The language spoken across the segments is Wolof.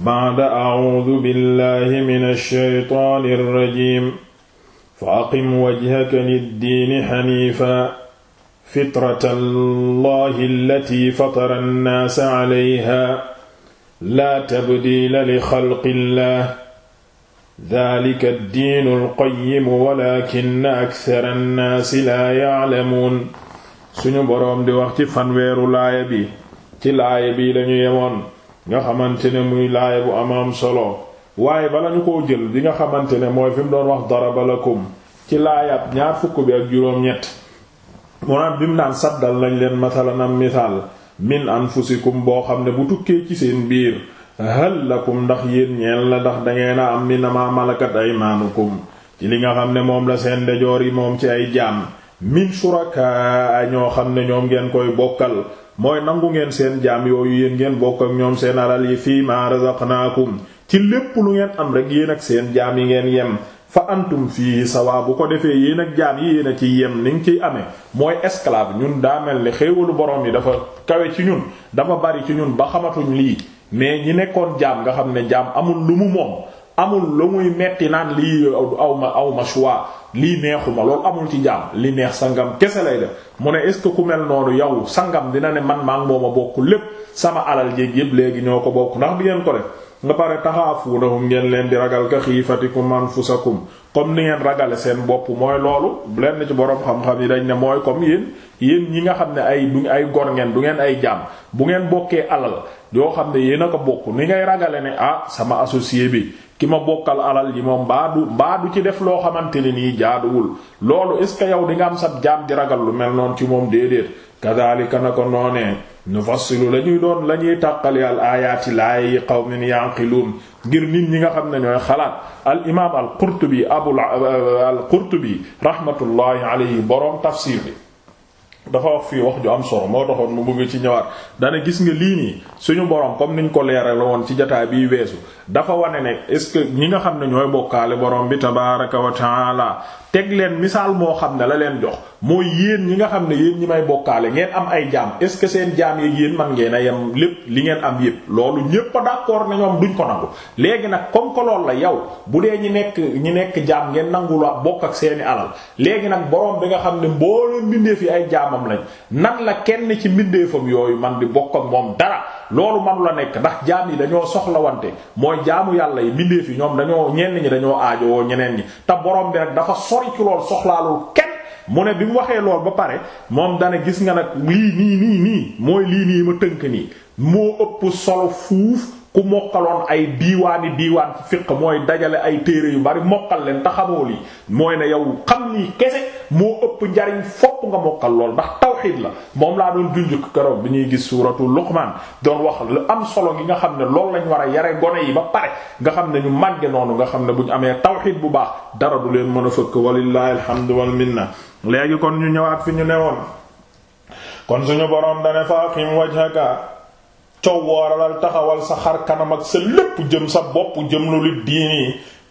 ba'da a'uudu billahi mina shaytaani rajiim fa aqim wajhaka liddiini xaniifa fitrata allahi allati fatara annaasa alayha laa tabdiila li xalqi llah dalika addiinu alqayimu walakina akthara annaasi laa yaclamuun suñu boroom di wax ci fanweeru laaya bi ci laaya bi lañu yemoon nga xamante ne muy laaya bu amaam solo waaye bala ñu koo jël bi nga xamante ne mooy fi mu doon wax dara daraba lakum ci laayaat ñaar fukk bi ak juróom-ñett mu naan bi mu naan saddal nañ leen masalan am misaal min anfusikum boo xam ne bu tukkee ci seen biir hal lakum ndax yéen ñeen la ndax dangeen a am ni nama malakat aymaanukum ci li nga xam ne moom la seen ndejoor yi moom ci ay jaam min shuraka ñoo xam ne ñoom ngeen koy bokkal mooy nangu ngeen seen jaam yooyu yéen ngeen bokk ak ñoom seen alal yi fii ma razaqnaakum ci lépp lu ngeen am rek yéen ak seen jaam yi ngeen yem fa antum fii sawaa bu ko defee yéen ak jaam yi yéen a ciy yem ni nga ciy amee mooy esclave ñun daa mel ni xéewalu borom yi dafa kawe ci ñun dafa bari ci ñun ba xamatuñ lii mais ñi nekkoon jaam nga xam ne jaam amul lu mu moom amul lu muy metti naan lii aw ma aw ma choix lii neexuma loolu amul ci jaam li neex sangam kese lay def mu ne est ce que ku mel noonu yow sangam dina ne man maa moom a bokk lépp sama alal jéeg yépp léegi ñoo ko bokk ndax di ngeen ko rek nga pare taxaafuunahum ngeen leen di ragal ka xiifatikum anfusakum comme ni ngeen ragale seen bopp mooy loolu lenn ci borom xam-xam yi dañ ne mooy comme yéen yéen ñi nga xam ne ay ay gor ngeen du ngeen ay jaam bu ngeen bokkee alal yoo xam ne yéen a ko bokk ni ngay ragale ne ah sama associé bi ki ma bokkal alal ji moom mbaa du mbaa ci def loo xamante ne nii jaaduwul loolu est ce que yow di nga am sab jaam di ragal lu mel noonu ci moom déedéet kadhalika na ko noonee nufassilu la ñuy doon la ñuy tàqali al ayaati laayi qawmin yanqiluun ngir nit ñi nga xam ne ñooy xalaat al imaam al qurtubi abul al qurtubi rahmatullahi alayhi boroom tafsir bi dafa wax fii wax ju am solo moo taxoon mu bëgg ci ñëwaat dana gis nga lii nii suñu borom comme niñ ko leeral woon ci jotaay bii weesu dafa wane ne est ce ñi nga xam ne ñooy bokkaale boroom bi tabaaraka wa taala teg leen misaal moo xam ne la leen jox mooy yéen ñi nga xam ne yéen ñi may bokkaale ngeen am ay jaam est-ce que seen jaam yeeg yéen man ngeen a yem lépp li ngeen am yépp loolu ñépp a nañoom ne duñ ko nangu léegi nag comme que loolu la yow bu dee ñi nekk ñi nekk jaam ngeen nangu la bokk ak seeni alal léegi nag borom bi nga xam ne mbooleem mbindeef yi ay jaamam lañ nan la kenn ci mbindeefam yooyu man di bokk ak moom dara loolu manu la nekk ndax jaam yi dañoo soxlawante mooy jaamu yàlla yi mbindeef yi ñoom dañoo ñenn ñi dañoo aajo woo ñeneen ñi te borom bi rek dafa sori ci lool soxlaalul kenn mu ne bi mu waxee lool ba pare moom dana gis nga nag lii nii nii nii mooy lii nii ma tënk nii moo ëpp solo fuuf ku mokkaloon ay diiwaani diiwaan fiq mooy dajale ay téere yu bari mokkal leen te xamoo lii mooy ne yow xam lii kese moo ëpp njariñ fopp nga mokkal lool ndax tawxiid la moom laa doon junjuk keroog bi ñuy gis suuratu Luqmaan doon wax lu am solo gi nga xam ne loolu lañ war a yare gone yi ba pare nga xam ne ñu màgge noonu nga xam ne bu ñu amee tawxiid bu baax dara du leen mën a fëkk walillaahi alhamdu wal minna léegi kon ñu ñëwaat fi ñu newoon kon suñu boroom dane cowooralal taxawal sa xar kanam ak sa lépp jëm sa bopp jëm lu li diini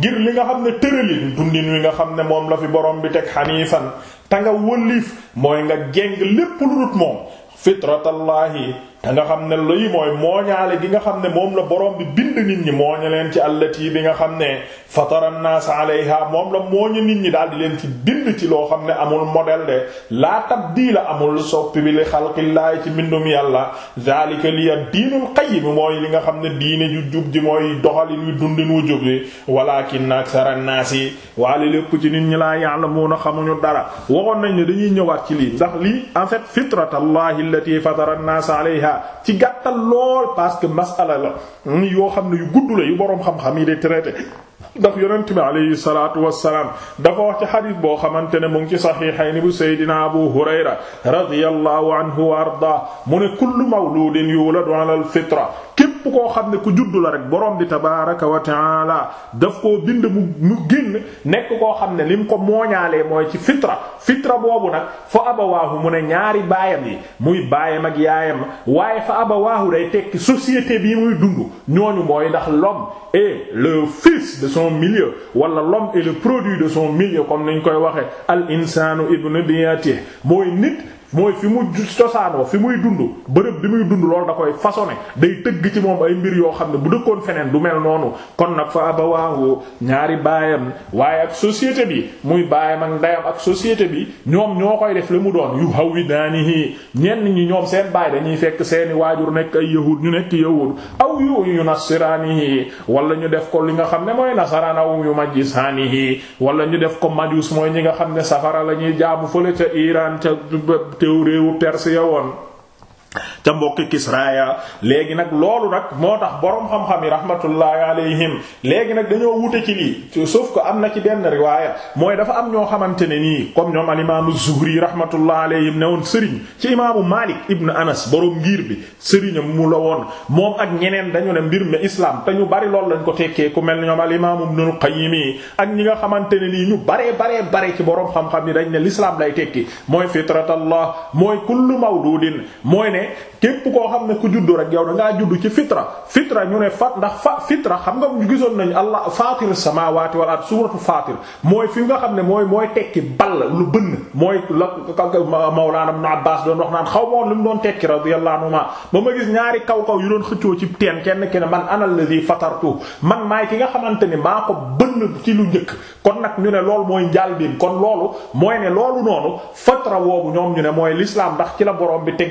ngir li nga xam ne tëralin dundin wi nga xam ne moom la fi borom bi teg xaniifan te nga wëlliif mooy nga geng lépp lu dut moom fitratallaahi te nga xam ne lii mooy mooñaale gi nga xam ne moom la boroom bi bind nit ñi mooña leen ci allati bi nga xam ne fatara naas alayha moom la mooña nit ñi daal di leen ci bind ci loo xam ne amul modèle de laa tabdiila amul soppi bi li xalqillaahi ci mbindum yàlla zaalika liya diinul qayyim mooy li nga xam ne diine ju jub ji mooy doxalin wi dundin wu jub bi walaakinna aksara naas yi waale lépp ci nit ñi laa ya'lamuuna xamuñu dara waxoon nañ li dañuy ñëwaat ci lii ndax lii en fait fitratallahi allati fatara naas voilà ci gàttal lool parce que masala la yoo xam ne yu gudd yu boroom xam-xam yi di traité ndax yonent bi alayhi salaatu wassalaam dafa wax ci xadis boo xamante ne mu ngi ci saxiixayni bu seydina abu hurayra radiyallahu anhu wa ardaa mu ne kullu mawluudin yuuladu ala alfitra képp koo xam ne ku juddu la rek borom bi tabaaraka wa taala daf koo bind mu mu génn nekk koo xam ne lim ko mooñaalee mooy ci fitra fitra boobu nag fa abawaahu mu ne ñaari baayam yi muy baayam ak yaayam waaye fa abawaahu day tekki société bi muy dund ñooñu mooy ndax l'homme est le fils de son son milieu wala l'homme est produit de son milieu comme niñ koy waxe al insanu ibnu diati mooy nit mooy fi mu cosaanoo fi muy dund bërëb bi muy dund loolu da koy façonné day tëgg ci moom ay mbir yoo xam ne bu dëkkoon feneen du mel noonu kon nag fa abawaahu ñaari baayam waaye ak société bi muy baayam ak ndeyam ak société bi ñoom ñoo koy def li mu doon yu hawidaanihi ñenn ñi ñoom seen baay dañuy fekk seeni waajur nekk ay yahud ñu nekk yahud aw yu yu nasiraanihi wala ñu def ko li nga xam ne mooy nasaraan aw yu majisaanihi wala ñu def ko majus mooy ñi nga xam ne safara lañuy ñuy jaabu fële ca Iran ca teew réewu Perse woon ca mbokki Kisraaya léegi nag loolu nag moo tax boroom xam-xam yi rahmatullahi alayhim léegi nag dañoo wute ci lii sauf que am na ci benn riwaaya mooy dafa am ñoo xamante ne nii comme ñoom al imaamu Zuhri rahmatullahi alayhim ne woon sëriñ ci imaamu Malik ibn Anas boroom ngir bi sëriñam mu la woon moom ak ñeneen dañu ne mbir mi islaam te ñu bari loolu lañ ko tekkee ku mel ñoom al imaamu Ibnul Qayyim ak ñi nga xamante ne nii ñu baree baree bare ci boroom xam yi dañ ne l'islam lay tekki mooy fitratallah mooy kullu mawludin mooy ne képp koo xam ne ku juddu rek yow da ngaa juddu ci fitra fitra ñu ne fa ndax fa fitra xam nga gisoon nañu allah fatir samawati wal ard suratu fatir mooy fi nga xam ne mooy mooy tekki ball lu bënn mooy la Mawlana Ibn Abbas doon wax naan xaw ma woon lu mu doon tekki radiyallahu anhu ba ma gis ñaari kaw kaw yu doon xëccoo ci teen kenn ki ne man ana alladhi fatartu man maay ki nga xamante ni maa ko bënn ci lu njëkk kon nag ñu ne loolu mooy njaal biim kon loolu mooy ne loolu noonu fatra ñoom ñu ne mooy l'islam ndax ci la borom bi teg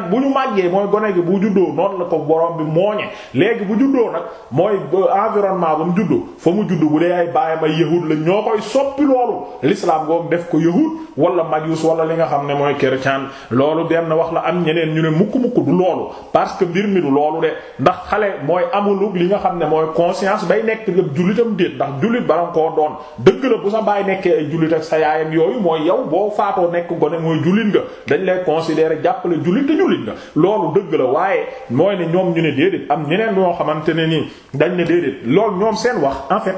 nag bu ñu màggee mooy gone gi bu juddoo noonu la ko borom bi mooñe léegi bu juddoo nag mooy euh, environnement ba mu juddu fa mu judd bu dee ay baayam ay yahud la ñoo koy soppi loolu l'islam googu def ko yahud wala majus wala li nga xam ne mooy chrétien loolu benn wax la am ñeneen ñu ne mukk mukk du parce que mbir mi du loolu ndax xale mooy amulug li nga xam ne mooy conscience bay nekk lépp jullitam déet ndax jullit bala koo doon dëgg la bu sa baay nekkee ay jullit ak sa yaayam yooyu mooy yow boo faatoo nekk gone mooy jullit nga dañ lay considérer jàppale jullit jullit nga loolu dëgg la waaye mooy ne ñoom ñu ne déedéet am ñeneen ñoo xamante ne nii dañ ne déedéet loolu ñoom seen wax en fait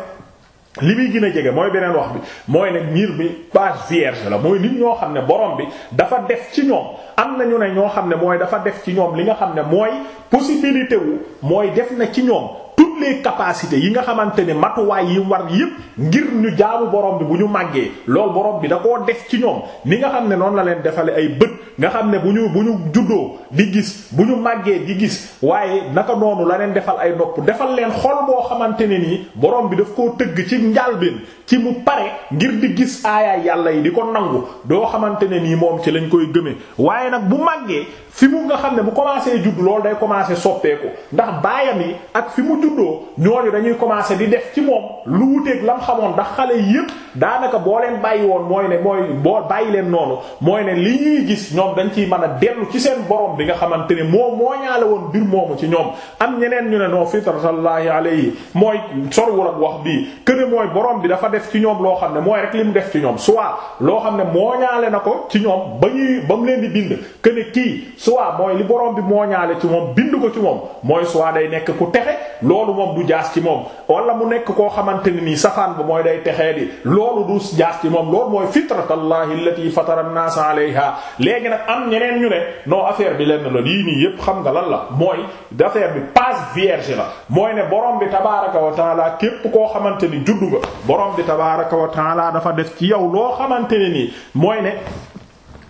li muy gën a jege mooy beneen wax bi mooy ne miir bi page vierge la mooy nit ñoo xam ne borom bi dafa def ci ñoom am na ñu ne ñoo xam ne mooy dafa def ci ñoom li nga xam ne mooy possibilité wu mooy def na ci ñoom toutes les yi nga xamante ne matuwaay yi war yépp ngir ñu jaamu borom bi bu ñu màggee loolu borom bi da koo def ci ñoom ni nga xam ne noonu la leen defale ay bët nga xam ne bu ñu bu ñu juddoo di gis bu ñu màggee di gis waaye naka noonu la leen defal ay nopp defal leen xol boo xamante ne nii borom bi daf koo tëgg ci njàlbeen ci mu pare ngir di gis aayaay yàlla yi di ko nangu doo xamante ne nii moom ci lañ koy gëmee waaye nag bu màggee fi mu nga xam ne bu commencé judd loolu day commencé soppeeku ndax baayam yi ak fi mu judd juddoo ñooñu dañuy commencer di def ci moom lu wuteeg lam xamoon ndax xale yépp daanaka boo leen bàyyi woon mooy ne mooy boo bàyyi leen noonu mooy ne li ñuy gis ñoom dañ ciy man a dellu ci seen borom bi nga xamante ne moom moo ñaale woon mbir moomu ci ñoom am ñeneen ñu ne noo fitratallahi alayhi mooy sorwul ak wax bii këne mooy borom bi dafa def ci ñoom loo xam ne mooy rek li mu def ci ñoom soit loo xam ne moo ñaale na ko ci ñoom ba ñuy ba mu leen di bind këne kii soit mooy li borom bi moo ñaale ci moom bind ko ci moom mooy soit day nekk ku texe loolu loolu moom du jaas ci moom wala mu nekk koo xamante ne nii safaan ba mooy day texee di loolu du jaas ci moom loolu mooy fitratallahi allati fatara an-nas alayha léegi nag am ñeneen ñu ne non affaire bi lenn la lii nii yépp xam nga lan la mooy affaire bi passe vierge la mooy ne borom bi tabaaraka wa taala képp koo xamante ni juddu nga borom bi tabaaraka wa taala dafa def ci yow loo xamante ne nii mooy ne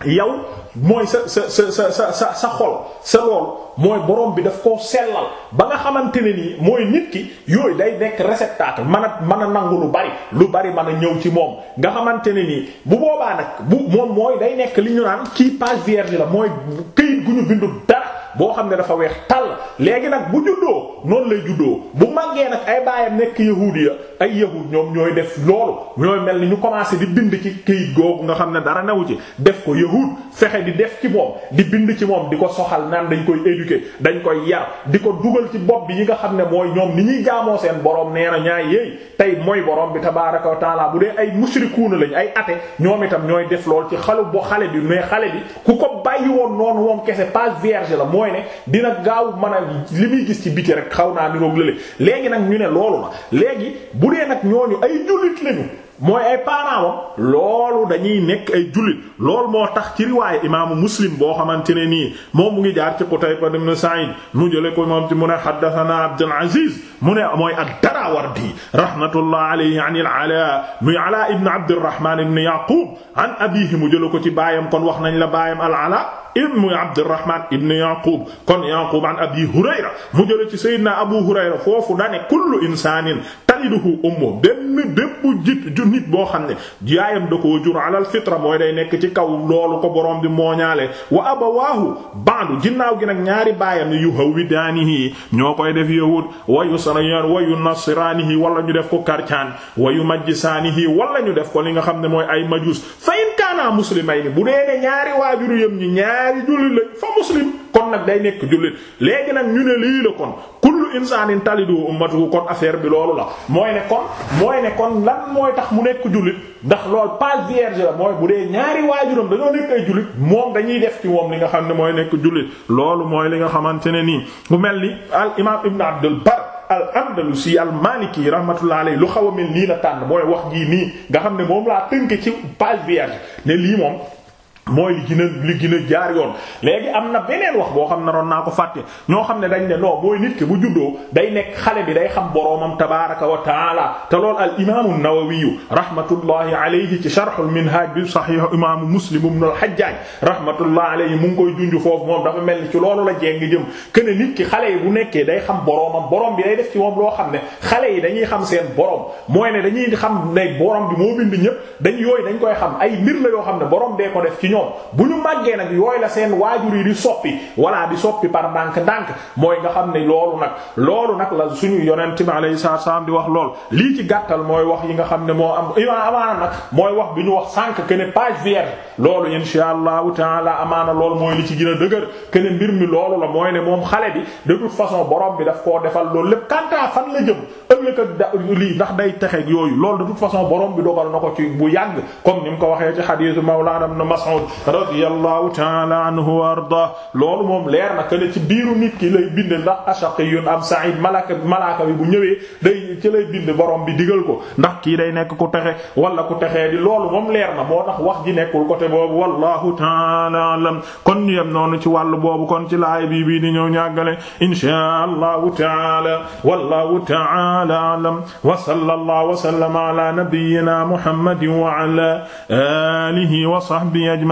yow mooy sa sa sa sa sa sa xol sa lool mooy borom bi daf koo sellal ba nga xamante ne nii mooy nit ki yooyu day nekk réceptacle mën a mën a nangu lu bari lu bari mën a ñëw ci moom nga xamante ni nii bu boobaa nag bu moom mooy day nekk li ñu naan kii page vierge la mooy këyit gu ñu bindu dara boo xam ne dafa weex tàll léegi nag bu juddoo noonu lay juddoo bu màggee nag ay baayam nekk yahuudi ya ay yahud ñoom ñooy def loolu ñooy mel ni ñu commencé di bind ci këyit googu nga xam ne dara newu ci def ko yahud fexe di def ci moom di bind ci moom di ko soxal naan dañ koy éduquer dañ koy yar di ko dugal ci bopp bi yi nga xam ne mooy ñoom ni ñuy jaamoo seen borom nee na ñaay yéey tey mooy borom bi tabaaraka wa taala bu dee ay mushrikuuna lañ ay athée ñoom itam ñooy def ci xalu bo xale bi mais xale bi ku ko bàyyi woon noonu moom kese pas vierge la mooy ne dina gaaw mën a li muy gis ci biti rek xaw naa niroog lële léegi nag ñu ne loolu la léegi bu dee nag ñooñu ay jullit lañu mooy ay parents loolu dañuy nekk ay jullit lool moo tax ci riwaaye imaamu muslim boo xamante ne nii moom mu ngi jaar ci Qutayba ibn Sa'id mu jële ko moom ci mu ne haddathana Abdul Aziz mu ne mooy ad-Darawardi rahmatullah alayhi an al-Ala muy Ala ibn Abdurrahman ibn Yaqub an abihi mu jële ko ci baayam kon wax nañ la baayam al-Ala ibnu Abdurrahman ibnu Yaqub kon Yaqub an Abi Hurayra mu jële ci Seydina Abu Hurayra foofu dane kullu insanin waaliduhu ummu benn bépp jit ju nit boo xam ne yaayam da ko jur alal fitra mooy day nekk ci kaw loolu ko boroom bi mooñaale wa abawaahu bandu ginnaaw gi nag ñaari baayam yu hawwidaanihi ñoo koy def yahud wayu sarayan wayu nasraanihi wala ñu def ko karcaan wayu majjisaanihi wala ñu def ko li nga xam ne mooy ay majus fa in kaana muslimayni bu dee ne ñaari waajuru yam ñi ñaari julli la fa muslim kon nag day nekk jullit léegi nag ñu ne lii la kon kullu insaanin talidu ummatuhu kon affaire bi loolu la mooy ne kon mooy ne kon lan mooy tax mu nekk jullit ndax lool pas vierge la mooy bu dee ñaari waajuram dañoo nekk ay jullit moom dañuy def ci moom li nga xam ne mooy nekk jullit loolu mooy li nga xamante ne nii bu mel ni al imaam ibn abdul bar al andalusi al maliki rahmatullah alayhi lu xaw a mel nii la tànn mooy wax gii nii nga xam ne moom laa tënk ci pas vierge ne lii moom mooy li gën a a jaar yoon léegi am na beneen wax boo xam ne naroon naa ko fàtte ñoo xam ne dañ ne non mooy nit ki bu juddoo day nekk xale bi day xam boroomam tabaraka wa taala te lool al imaamu nawawiyu rahmatullahi alayhi ci sharhul minhaj bi sahih imaamu muslim ibn al hajjaj rahmatullahi alayhi mu ngi koy junj foofu moom dafa mel ni ci loolu la jéng jëm kene nit ki xale yi bu nekkee day xam boroomam borom bi day def ci moom loo xam ne xale yi dañuy xam seen borom mooy ne dañuy xam ne borom bi moo bind ñépp dañ yooyu dañ koy xam ay mbir la yoo xam ne borom dee ko def ci ñoom bu ñu màggee nag yooyu la seen waajur yi di soppi walla di soppi par ndànk-ndànk mooy nga xam ne loolu nag loolu nag la suñu yonent bi alayhi salaam di wax lool lii ci gàttal mooy wax yi nga xam ne moo am amaana nag mooy wax bi ñu wax sànq que ne page vierge loolu insha allahu taala amaana loolu mooy li ci gën a dëgër que mbir mi loolu la mooy ne moom xale bi de toute façon borom bi daf koo defal loolu lépp kantaa fan la jëm ëllëg ak lii ndax day texeeg yooyu loolu de toute façon borom bi dogal na ko ci bu yàgg comme ni mu ko waxee ci hadithu mawlana Mas'ud radiyallahu ta'ala anhu wa arda loolu moom leer na ne ci biiru nit ki lay bind ndax ashaqiyun am sa'id malaka malaka bi bu ñëwee day ci lay bind borom bi digal ko ndax kii day nekk ku texe wala ku texee di loolu moom leer na moo tax wax ji nekkul côté boobu wallahu ta'ala alam kon ñu yem noonu ci wàllu boobu kon ci laay bii bii di ñëw ñàggale insha allahu taala wallahu taala alam wa sallallahu wa sallama ala nabiyyina muhammadin wa ala alihi wa sahbihi ajma'in